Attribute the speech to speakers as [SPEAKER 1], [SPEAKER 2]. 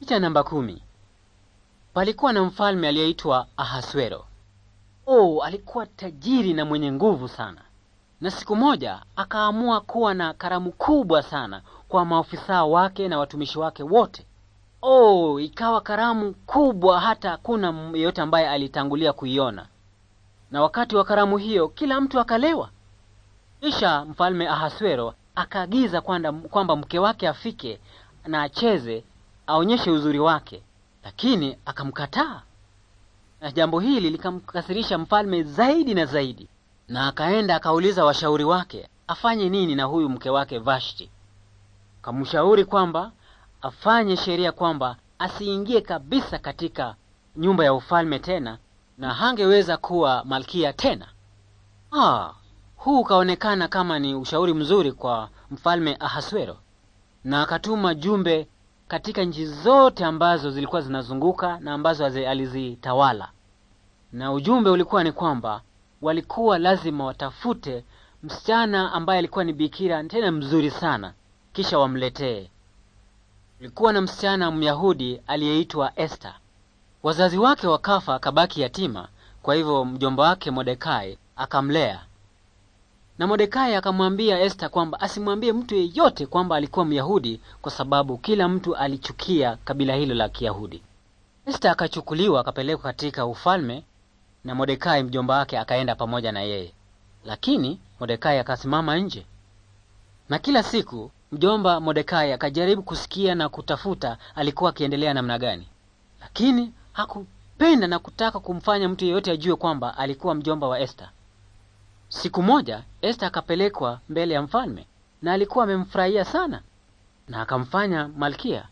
[SPEAKER 1] Picha namba kumi. Palikuwa na mfalme aliyeitwa Ahasuero. Oh, alikuwa tajiri na mwenye nguvu sana, na siku moja akaamua kuwa na karamu kubwa sana kwa maofisa wake na watumishi wake wote. Oh, ikawa karamu kubwa hata hakuna yeyote ambaye alitangulia kuiona, na wakati wa karamu hiyo kila mtu akalewa. Kisha mfalme Ahasuero akaagiza kwamba mke wake afike na acheze aonyeshe uzuri wake, lakini akamkataa, na jambo hili likamkasirisha mfalme zaidi na zaidi, na akaenda akauliza washauri wake afanye nini na huyu mke wake Vashti. Akamshauri kwamba afanye sheria kwamba asiingie kabisa katika nyumba ya ufalme tena, na hangeweza kuwa malkia tena. Ah, huu ukaonekana kama ni ushauri mzuri kwa mfalme Ahasuero, na akatuma jumbe katika nchi zote ambazo zilikuwa zinazunguka na ambazo alizitawala, na ujumbe ulikuwa ni kwamba walikuwa lazima watafute msichana ambaye alikuwa ni bikira tena mzuri sana, kisha wamletee. ulikuwa na msichana Myahudi aliyeitwa Esther. Wazazi wake wakafa, akabaki yatima. Kwa hivyo mjomba wake Mordekai akamlea na Mordekai akamwambia Esta kwamba asimwambie mtu yeyote kwamba alikuwa Myahudi kwa sababu kila mtu alichukia kabila hilo la Kiyahudi. Esta akachukuliwa akapelekwa katika ufalme na Mordekai mjomba wake akaenda pamoja na yeye. Lakini Mordekai akasimama nje. Na kila siku mjomba Mordekai akajaribu kusikia na kutafuta alikuwa akiendelea namna gani. Lakini hakupenda na kutaka kumfanya mtu yeyote ajue kwamba alikuwa mjomba wa Esta. Siku moja Esta akapelekwa mbele ya mfalme na alikuwa amemfurahia sana na akamfanya malkia.